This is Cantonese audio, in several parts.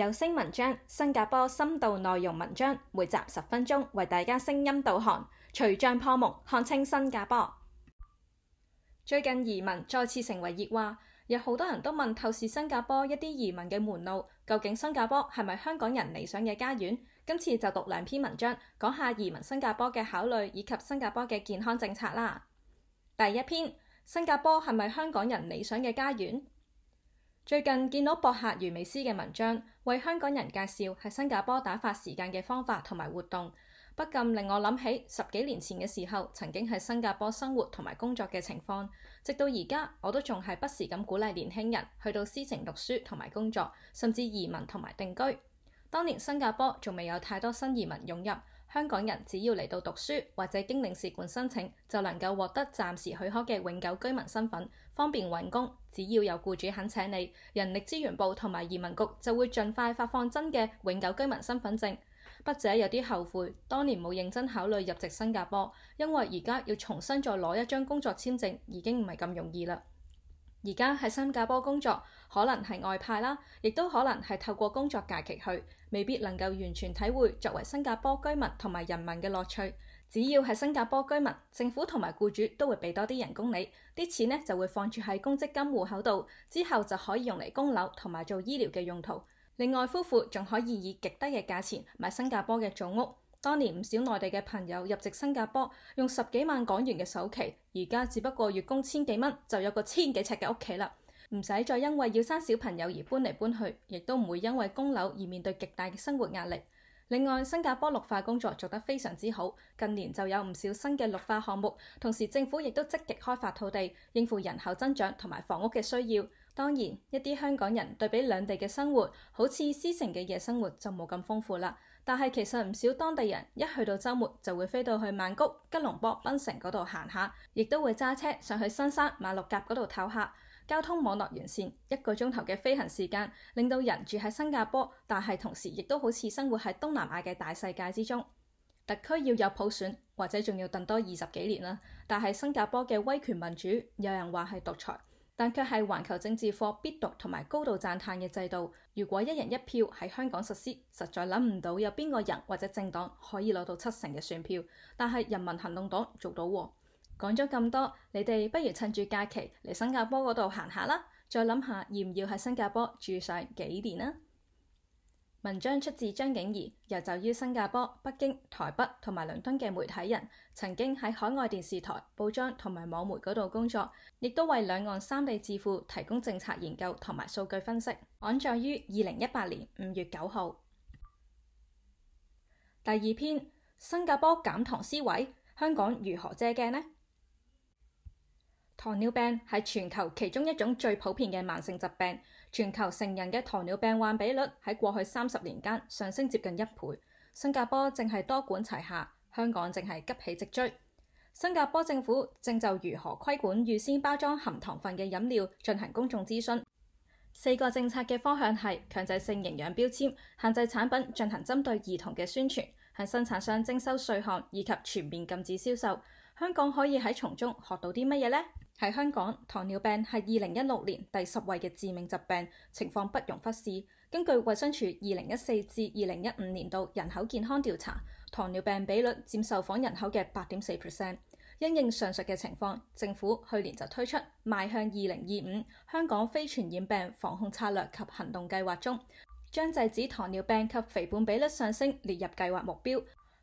有聲文章，新加坡深度內容文章，每集十分鐘，為大家聲音導航，除障破目，看清新加坡。最近移民再次成為熱話，有好多人都問透視新加坡一啲移民嘅門路，究竟新加坡係咪香港人理想嘅家園？今次就讀兩篇文章，講下移民新加坡嘅考慮以及新加坡嘅健康政策啦。第一篇：新加坡係咪香港人理想嘅家園？最近見到博客余美斯嘅文章，為香港人介紹喺新加坡打發時間嘅方法同埋活動，不禁令我諗起十幾年前嘅時候曾經喺新加坡生活同埋工作嘅情況。直到而家我都仲係不時咁鼓勵年輕人去到獅城讀書同埋工作，甚至移民同埋定居。當年新加坡仲未有太多新移民湧入。香港人只要嚟到讀書或者經領事館申請，就能夠獲得暫時許可嘅永久居民身份，方便揾工。只要有僱主肯請你，人力資源部同埋移民局就會盡快發放真嘅永久居民身份證。筆者有啲後悔，當年冇認真考慮入籍新加坡，因為而家要重新再攞一張工作簽證已經唔係咁容易啦。而家喺新加坡工作，可能係外派啦，亦都可能係透過工作假期去，未必能夠完全體會作為新加坡居民同埋人民嘅樂趣。只要係新加坡居民，政府同埋僱主都會俾多啲人工你，啲錢呢就會放住喺公積金戶口度，之後就可以用嚟供樓同埋做醫療嘅用途。另外，夫婦仲可以以極低嘅價錢買新加坡嘅組屋。當年唔少內地嘅朋友入籍新加坡，用十幾萬港元嘅首期，而家只不過月供千幾蚊，就有個千幾尺嘅屋企啦，唔使再因為要生小朋友而搬嚟搬去，亦都唔會因為供樓而面對極大嘅生活壓力。另外，新加坡綠化工作做得非常之好，近年就有唔少新嘅綠化項目，同時政府亦都積極開發土地，應付人口增長同埋房屋嘅需要。當然，一啲香港人對比兩地嘅生活，好似獅城嘅夜生活就冇咁豐富啦。但係其實唔少當地人一去到周末就會飛到去曼谷、吉隆坡、檳城嗰度行下，亦都會揸車上去新山、馬六甲嗰度唞下。交通網絡完善，一個鐘頭嘅飛行時間令到人住喺新加坡，但係同時亦都好似生活喺東南亞嘅大世界之中。特區要有普選，或者仲要等多二十幾年啦。但係新加坡嘅威權民主，有人話係獨裁。但卻係環球政治課必讀同埋高度讚嘆嘅制度。如果一人一票喺香港實施，實在諗唔到有邊個人或者政黨可以攞到七成嘅選票。但係人民行動黨做到喎。講咗咁多，你哋不如趁住假期嚟新加坡嗰度行下啦。再諗下要唔要喺新加坡住晒幾年啊？文章出自張景宜，遊走於新加坡、北京、台北同埋倫敦嘅媒體人，曾經喺海外電視台、報章同埋網媒嗰度工作，亦都為兩岸三地智庫提供政策研究同埋數據分析。刊載於二零一八年五月九號。第二篇：新加坡減糖思維，香港如何借鏡呢？糖尿病係全球其中一種最普遍嘅慢性疾病。全球成人嘅糖尿病患比率喺過去三十年間上升接近一倍。新加坡正係多管齊下，香港正係急起直追。新加坡政府正就如何規管預先包裝含糖分嘅飲料進行公眾諮詢。四個政策嘅方向係強制性營養標籤、限制產品進行針對兒童嘅宣傳、向生產商徵收稅項以及全面禁止銷售。香港可以喺從中學到啲乜嘢呢？喺香港，糖尿病係二零一六年第十位嘅致命疾病，情況不容忽視。根據衛生署二零一四至二零一五年度人口健康調查，糖尿病比率佔受訪人口嘅八點四 percent。因應上述嘅情況，政府去年就推出《邁向二零二五香港非傳染病防控策略及行動計劃》中，將制止糖尿病及肥胖比率上升列入計劃目標，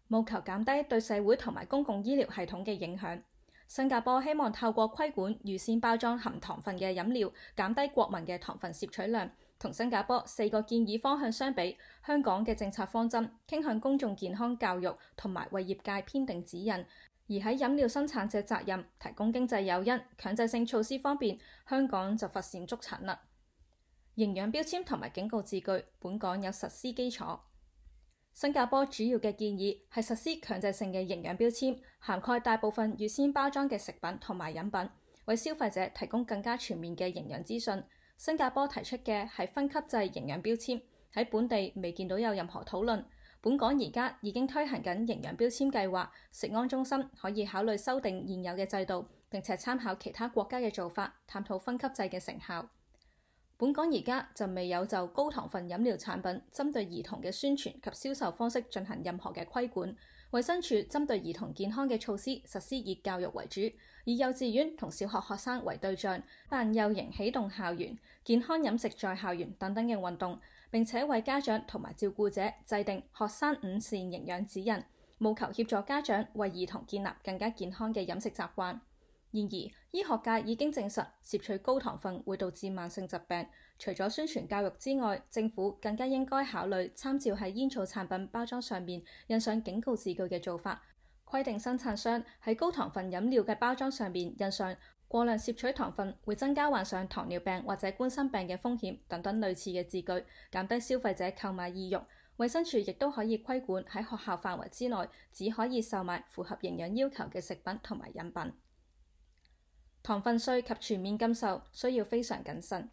務求減低對社會同埋公共醫療系統嘅影響。新加坡希望透過規管預先包裝含糖分嘅飲料，減低國民嘅糖分攝取量。同新加坡四個建議方向相比，香港嘅政策方針傾向公眾健康教育同埋為業界編定指引，而喺飲料生產者責任、提供經濟誘因、強制性措施方面，香港就乏善足陳啦。營養標籤同埋警告字句，本港有實施基礎。新加坡主要嘅建議係實施強制性嘅營養標籤，涵蓋大部分預先包裝嘅食品同埋飲品，為消費者提供更加全面嘅營養資訊。新加坡提出嘅係分級制營養標籤，喺本地未見到有任何討論。本港而家已經推行緊營養標籤計劃，食安中心可以考慮修訂現有嘅制度，並且參考其他國家嘅做法，探討分級制嘅成效。本港而家就未有就高糖分飲料產品針對兒童嘅宣傳及銷售方式進行任何嘅規管。衛生署針對兒童健康嘅措施，實施以教育為主，以幼稚園同小學學生為對象，辦幼營啟動校園、健康飲食在校園等等嘅運動，並且為家長同埋照顧者制定學生午膳營養指引，務求協助家長為兒童建立更加健康嘅飲食習慣。然而，醫學界已經證實攝取高糖分會導致慢性疾病。除咗宣傳教育之外，政府更加應該考慮參照喺煙草產品包裝上面印上警告字句嘅做法，規定生產商喺高糖分飲料嘅包裝上面印上過量攝取糖分會增加患上糖尿病或者冠心病嘅風險等等類似嘅字句，減低消費者購買意欲。衛生署亦都可以規管喺學校範圍之內只可以售賣符合營養要求嘅食品同埋飲品。糖分稅及全面禁售需要非常謹慎。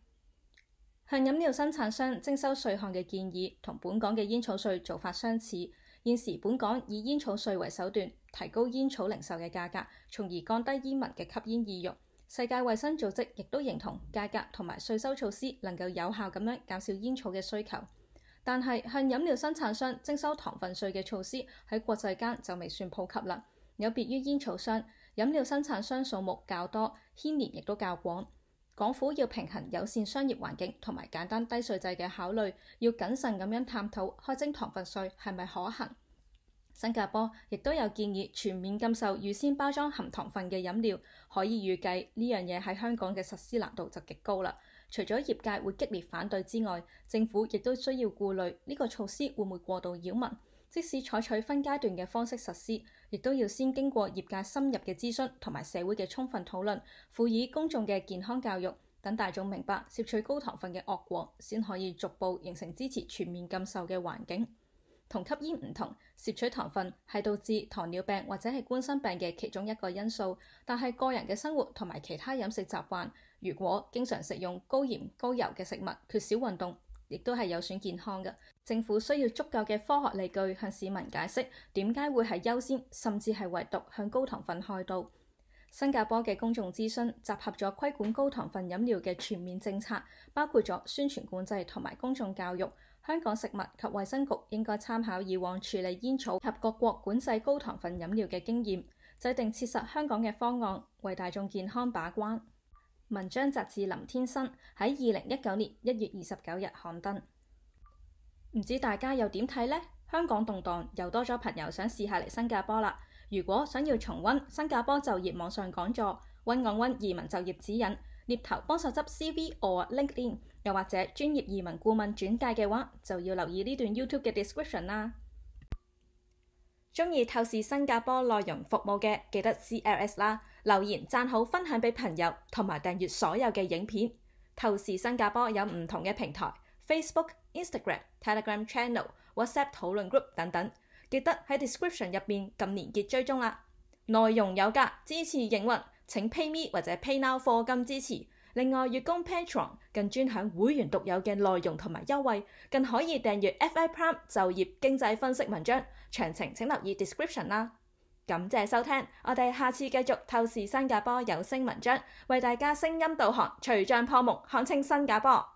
向飲料生產商徵收稅項嘅建議同本港嘅煙草稅做法相似。現時本港以煙草稅為手段，提高煙草零售嘅價格，從而降低煙民嘅吸煙意欲。世界衛生組織亦都認同價格同埋稅收措施能夠有效咁樣減少煙草嘅需求。但係向飲料生產商徵收糖分稅嘅措施喺國際間就未算普及啦。有別於煙草商，飲料生產商數目較多。牽連亦都較廣，港府要平衡友善商業環境同埋簡單低稅制嘅考慮，要謹慎咁樣探討開徵糖分稅係咪可行。新加坡亦都有建議全面禁售預先包裝含糖分嘅飲料，可以預計呢樣嘢喺香港嘅實施難度就極高啦。除咗業界會激烈反對之外，政府亦都需要顧慮呢個措施會唔會過度擾民，即使採取分階段嘅方式實施。亦都要先經過業界深入嘅諮詢同埋社會嘅充分討論，輔以公眾嘅健康教育等大眾明白攝取高糖分嘅惡果，先可以逐步形成支持全面禁售嘅環境。同吸煙唔同，攝取糖分係導致糖尿病或者係冠心病嘅其中一個因素，但係個人嘅生活同埋其他飲食習慣，如果經常食用高鹽、高油嘅食物，缺少運動，亦都係有損健康嘅，政府需要足夠嘅科學理據向市民解釋點解會係優先，甚至係唯獨向高糖分開刀。新加坡嘅公眾諮詢集合咗規管高糖分飲料嘅全面政策，包括咗宣傳管制同埋公眾教育。香港食物及衛生局應該參考以往處理煙草及各國管制高糖分飲料嘅經驗，制定切實香港嘅方案，為大眾健康把關。文章摘自林添生喺二零一九年一月二十九日刊登，唔知大家又點睇呢？香港動盪，又多咗朋友想試下嚟新加坡啦。如果想要重溫新加坡就業網上講座、1-on-1 移民就業指引、獵頭幫手執 CV or LinkedIn，又或者專業移民顧問轉介嘅話，就要留意呢段 YouTube 嘅 description 啦。中意透視新加坡內容服務嘅，記得 C L S 啦，留言讚好，分享俾朋友，同埋訂閱所有嘅影片。透視新加坡有唔同嘅平台，Facebook、Instagram、Telegram Channel、WhatsApp 討論 group 等等，記得喺 description 入面，撳鏈接追蹤啦。內容有價，支持營運，請 PayMe 或者 PayNow 貨金支持。另外，月供 Patreon 更專享會員獨有嘅內容同埋優惠，更可以訂閱 FI Prime 就業經濟分析文章，詳情請留意 description 啦。感謝收聽，我哋下次繼續透視新加坡有聲文章，為大家聲音導航，隨著破木看清新加坡。